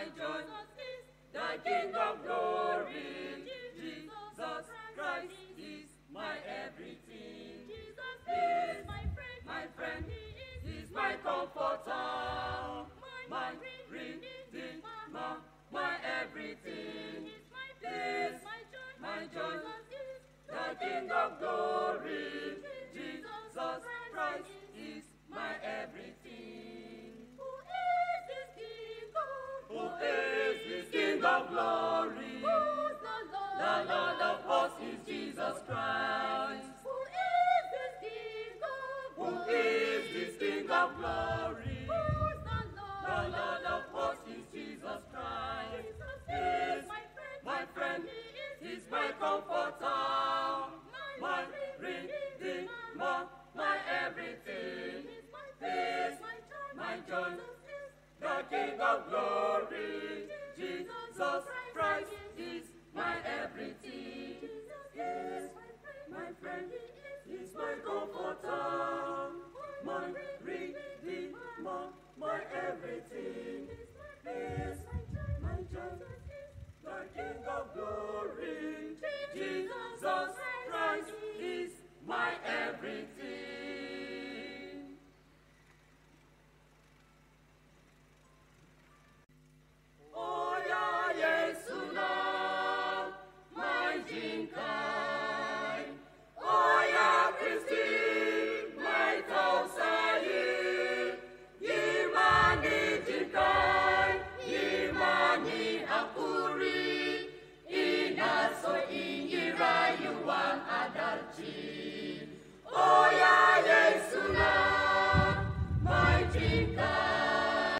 My joy, thy King of glory. Jesus Christ is my everything. Jesus is my friend, my friend. He is my comforter, my redeemer, my, my everything. This my joy, the King of glory, Jesus Christ. my comforter, my redeemer, my everything. This, my joy, the King of glory, Jesus Christ is my everything. Yes, my friend is my comforter, my redeemer, my everything. Oh.